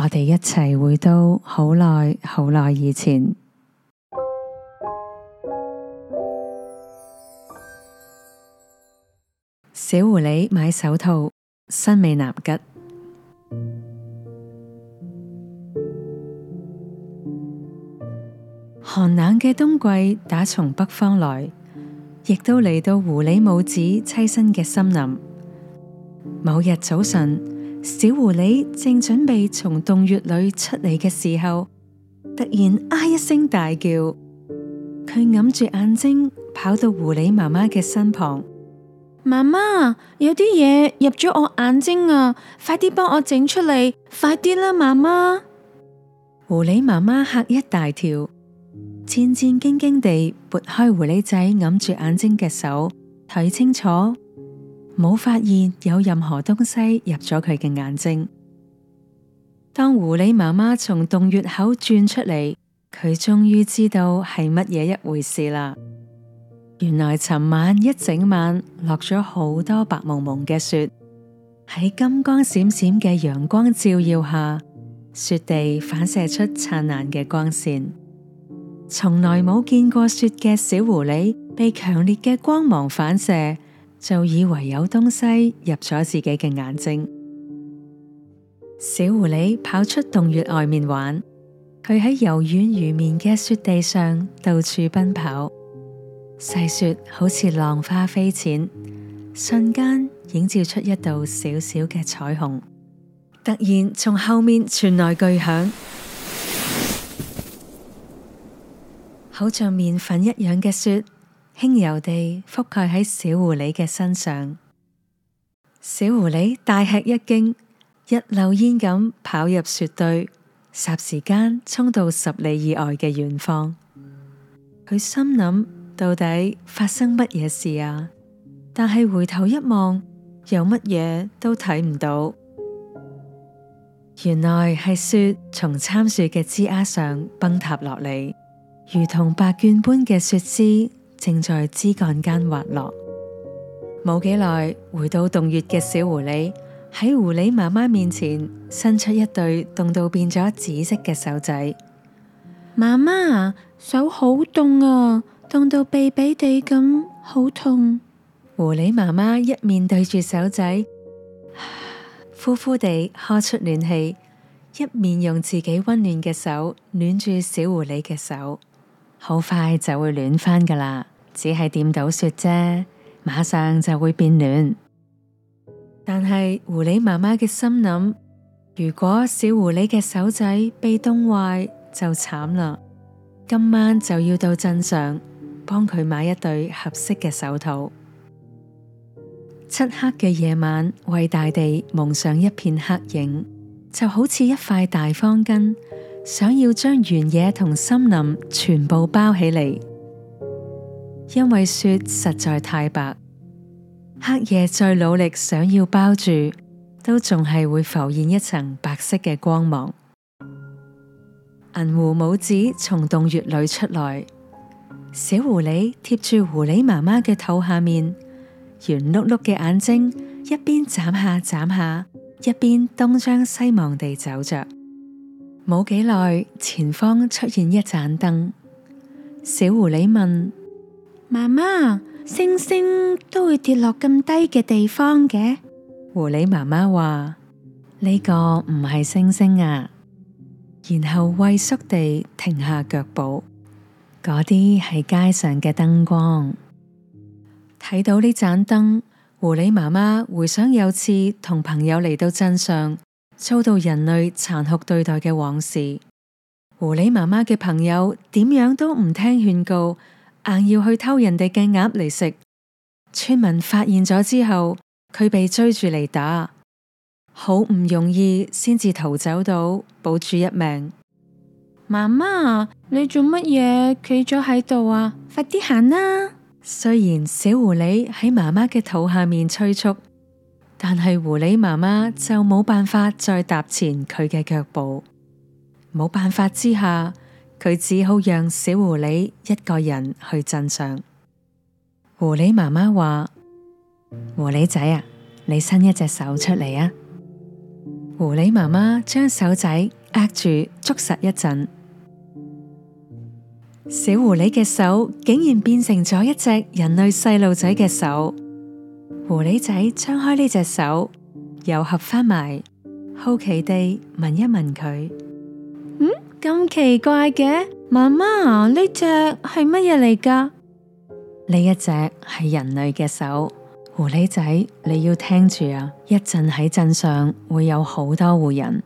我哋一齊回到好耐好耐以前。小狐狸買手套，新美南吉。寒冷嘅冬季打從北方來，亦都嚟到狐狸母子棲身嘅森林。某日早晨。小狐狸正準備從洞穴裏出嚟嘅時候，突然啊一聲大叫，佢揞住眼睛跑到狐狸媽媽嘅身旁。媽媽，有啲嘢入咗我眼睛啊！快啲幫我整出嚟，快啲啦，媽媽！狐狸媽媽嚇一大跳，戰戰兢兢地撥開狐狸仔揞住眼睛嘅手，睇清楚。冇發現有任何東西入咗佢嘅眼睛。當狐狸媽媽從洞穴口轉出嚟，佢終於知道係乜嘢一回事啦。原來尋晚一整晚落咗好多白蒙蒙嘅雪，喺金光閃閃嘅陽光照耀下，雪地反射出燦爛嘅光線。從來冇見過雪嘅小狐狸，被強烈嘅光芒反射。就以為有東西入咗自己嘅眼睛。小狐狸跑出洞穴外面玩，佢喺柔軟如棉嘅雪地上到處奔跑，細雪好似浪花飛濺，瞬間映照出一道小小嘅彩虹。突然從後面傳來巨響，好像麵粉一樣嘅雪，輕柔地覆蓋喺小狐狸嘅身上，小狐狸大吃一驚，一溜煙咁跑入雪堆，霎時間衝到十里以外嘅遠方。佢心諗到底發生乜嘢事啊？但係回頭一望，又乜嘢都睇唔到。原來係雪從杉樹嘅枝丫上崩塌落嚟，如同白捲般嘅雪枝。正在枝幹間滑落，冇幾耐回到洞穴嘅小狐狸喺狐狸媽媽面前，伸出一對凍到變咗紫色嘅手仔。媽媽，手好凍啊，凍到痹痹地咁，好痛。狐狸媽媽一面對住手仔，呼呼地呵出暖氣，一面用自己溫暖嘅手暖住小狐狸嘅手。好快就會暖翻噶啦，只係掂到雪啫，馬上就會變暖。但係狐狸媽媽嘅心諗，如果小狐狸嘅手仔被凍壞，就慘啦。今晚就要到鎮上，幫佢買一對合適嘅手套。漆黑嘅夜晚，為大地蒙上一片黑影，就好似一塊大方巾。想要將原野同森林全部包起嚟，因為雪實在太白，黑夜再努力想要包住，都仲係會浮現一層白色嘅光芒。銀狐母子從洞穴裏出來，小狐狸貼住狐狸媽媽嘅肚下面，圓碌碌嘅眼睛一邊眨下眨下，一邊東張西望地走着。冇幾耐，前方出現一盞燈。小狐狸問媽媽：星星都會跌落咁低嘅地方嘅？狐狸媽媽話：呢個唔係星星啊。然後畏縮地停下腳步。嗰啲係街上嘅燈光。睇到呢盞燈，狐狸媽媽回想有次同朋友嚟到鎮上。遭到人類殘酷對待嘅往事，狐狸媽媽嘅朋友點樣都唔聽勸告，硬要去偷人哋嘅鴨嚟食村民發現咗之後，佢被追住嚟打，好唔容易先至逃走到保住一命。媽媽，你做乜嘢企咗喺度啊？快啲行啦！雖然小狐狸喺媽媽嘅肚下面催促，但係狐狸媽媽就冇辦法再踏前佢嘅腳步，冇辦法之下，佢只好讓小狐狸一個人去鎮上。狐狸媽媽話：「狐狸仔啊，你伸一隻手出嚟啊！」狐狸媽媽將手仔握住，捉實一陣，小狐狸嘅手竟然變成咗一隻人類細路仔嘅手。狐狸仔張開呢隻手，又合返埋，好奇地問一問佢。嗯，咁奇怪嘅，媽媽啊，呢隻係乜嘢嚟噶？呢一隻係人類嘅手。狐狸仔，你要聽住啊！一陣喺鎮上會有好多戶人。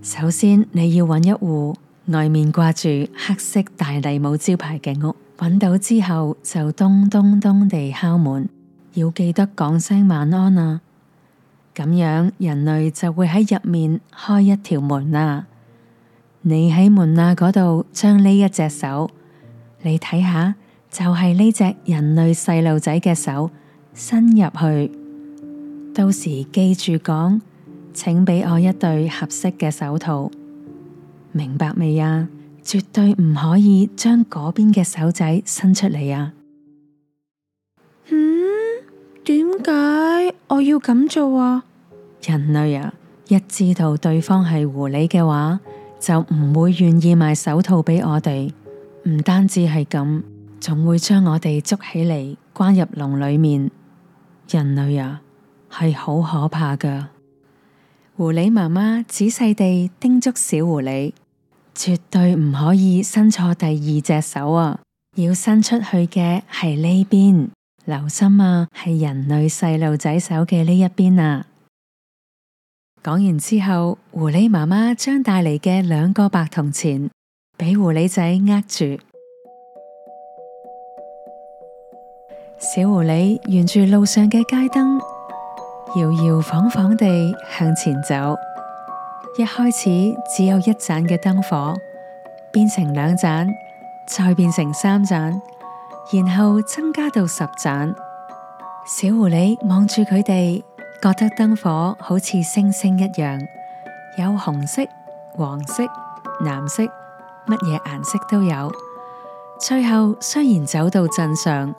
首先你要揾一戶外面掛住黑色大禮帽招牌嘅屋，揾到之後就咚咚咚地敲門。要記得講聲晚安啊，咁樣人類就會喺入面開一條門啦、啊。你喺門罅嗰度將呢一隻手，你睇下就係呢隻人類細路仔嘅手伸入去。到時記住講，請俾我一對合適嘅手套。明白未啊？絕對唔可以將嗰邊嘅手仔伸出嚟啊！點解我要咁做啊？人類啊，一知道對方係狐狸嘅話，就唔會願意賣手套俾我哋。唔單止係咁，仲會將我哋捉起嚟，關入籠裏面。人類啊，係好可怕噶。狐狸媽媽仔細地叮囑小狐狸：絕對唔可以伸錯第二隻手啊！要伸出去嘅係呢邊。留心啊，係人類細路仔手嘅呢一邊啊！講完之後，狐狸媽媽將帶嚟嘅兩個白銅錢，俾狐狸仔握住。小狐狸沿住路上嘅街燈，搖搖晃晃地向前走。一開始只有一盞嘅燈火，變成兩盞，再變成三盞。然後增加到十盞。小狐狸望住佢哋，覺得燈火好似星星一樣，有紅色、黃色、藍色，乜嘢顏色都有。最後雖然走到鎮上，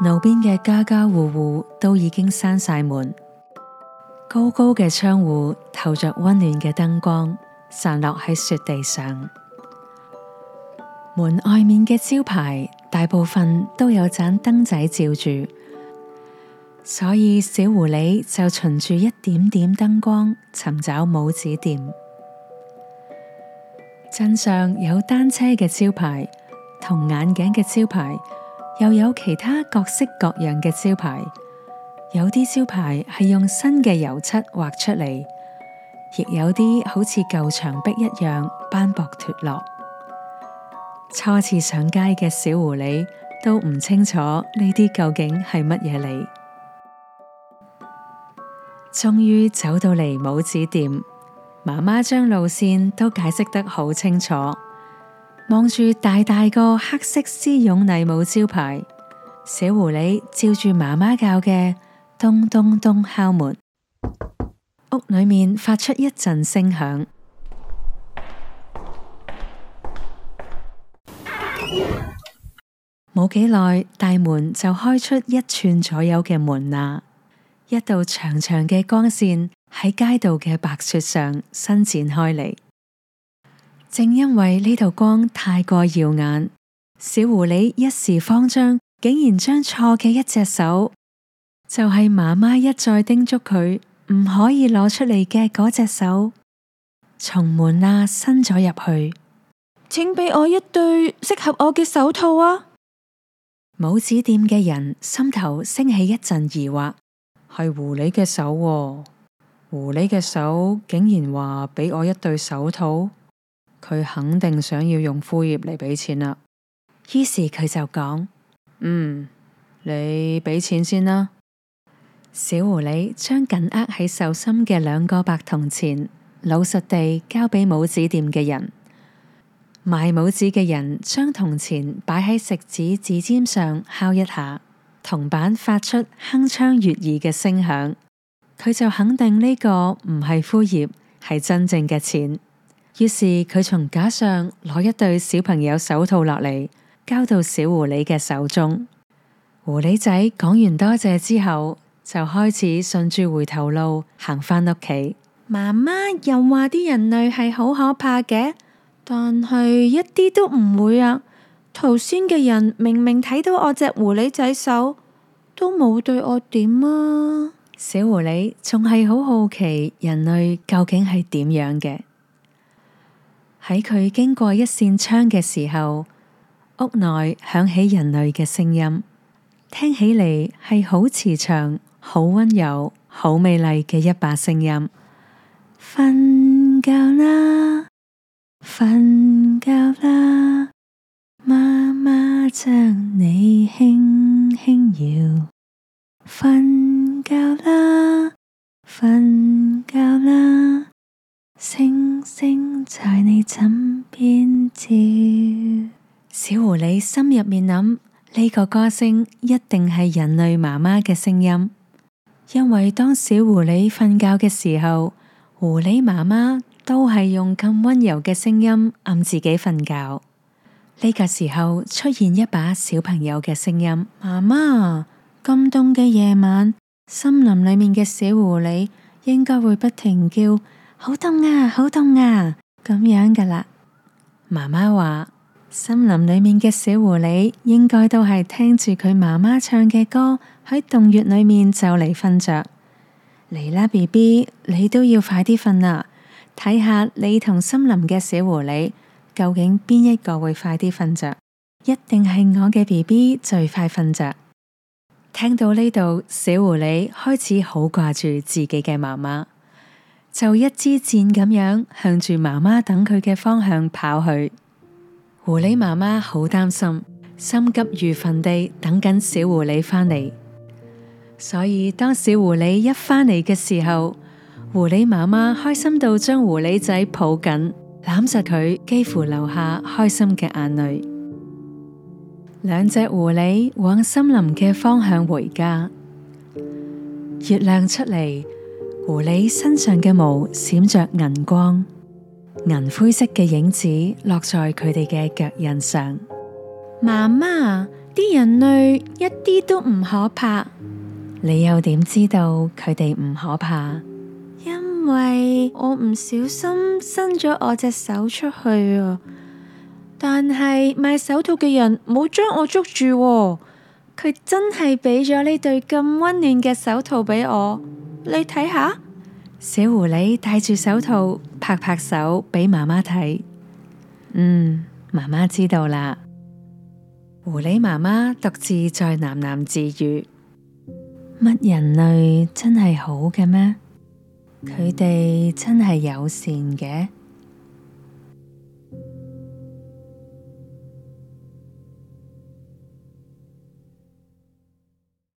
路邊嘅家家戶戶都已經閂晒門，高高嘅窗戶透着溫暖嘅燈光，散落喺雪地上。門外面嘅招牌大部分都有盞燈仔照住，所以小狐狸就循住一點點燈光尋找帽子店。鎮上有單車嘅招牌，同眼鏡嘅招牌，又有其他各式各樣嘅招牌。有啲招牌係用新嘅油漆畫出嚟，亦有啲好似舊牆壁一樣斑駁脫落。初次上街嘅小狐狸都唔清楚呢啲究竟係乜嘢嚟。終於走到嚟帽子店，媽媽將路線都解釋得好清楚。望住大大個黑色絲絨禮帽招牌，小狐狸照住媽媽教嘅咚咚咚敲門，屋裏面發出一陣聲響。冇幾耐，大門就開出一寸左右嘅門罅，一道長長嘅光線喺街道嘅白雪上伸展開嚟。正因為呢道光太過耀眼，小狐狸一時慌張，竟然將錯嘅一隻手，就係、是、媽媽一再叮囑佢唔可以攞出嚟嘅嗰隻手，從門罅伸咗入去。請俾我一對適合我嘅手套啊！母子店嘅人心頭升起一陣疑惑，係狐狸嘅手、哦，狐狸嘅手竟然話畀我一對手套，佢肯定想要用副葉嚟畀錢啦、啊。於是佢就講：，嗯，你畀錢先啦。小狐狸將緊握喺手心嘅兩個白銅錢，老實地交俾母子店嘅人。賣帽子嘅人將銅錢擺喺食指指尖上敲一下，銅板發出鏗鏘悅耳嘅聲響，佢就肯定呢個唔係枯葉，係真正嘅錢。於是佢從架上攞一對小朋友手套落嚟，交到小狐狸嘅手中。狐狸仔講完多謝之後，就開始順住回頭路行返屋企。媽媽又話啲人類係好可怕嘅。但係一啲都唔會啊！頭先嘅人明明睇到我隻狐狸仔手，都冇對我點啊！小狐狸仲係好好奇人類究竟係點樣嘅。喺佢經過一扇窗嘅時候，屋內響起人類嘅聲音，聽起嚟係好慈祥、好溫柔、好美麗嘅一把聲音。瞓覺啦～瞓覺啦，媽媽將你輕輕搖，瞓覺啦，瞓覺啦，星星在你枕邊照。小狐狸心入面諗，呢個歌聲一定係人類媽媽嘅聲音，因為當小狐狸瞓覺嘅時候，狐狸媽媽。都係用咁溫柔嘅聲音暗自己瞓覺。呢個時候出現一把小朋友嘅聲音：媽媽，咁凍嘅夜晚，森林裏面嘅小狐狸應該會不停叫，好凍啊，好凍啊，咁樣噶啦。媽媽話：森林裏面嘅小狐狸應該都係聽住佢媽媽唱嘅歌，喺洞穴裏面就嚟瞓着。嚟啦，B B，你都要快啲瞓啦。睇下你同森林嘅小狐狸究竟邊一個會快啲瞓着？一定係我嘅 BB 最快瞓着。聽到呢度，小狐狸開始好掛住自己嘅媽媽，就一支箭咁樣向住媽媽等佢嘅方向跑去。狐狸媽媽好擔心，心急如焚地等緊小狐狸返嚟。所以當小狐狸一返嚟嘅時候，狐狸媽媽開心到將狐狸仔抱緊攬實佢，幾乎流下開心嘅眼淚。兩隻狐狸往森林嘅方向回家。月亮出嚟，狐狸身上嘅毛閃着銀光，銀灰色嘅影子落在佢哋嘅腳印上。媽媽，啲人類一啲都唔可怕，你又點知道佢哋唔可怕？因為我唔小心伸咗我隻手出去啊。但係賣手套嘅人冇將我捉住，佢真係俾咗呢對咁溫暖嘅手套俾我。你睇下，小狐狸戴住手套拍拍手俾媽媽睇。嗯，媽媽知道啦。狐狸媽媽獨自在喃喃自語，乜人類真係好嘅咩？佢哋真係友善嘅。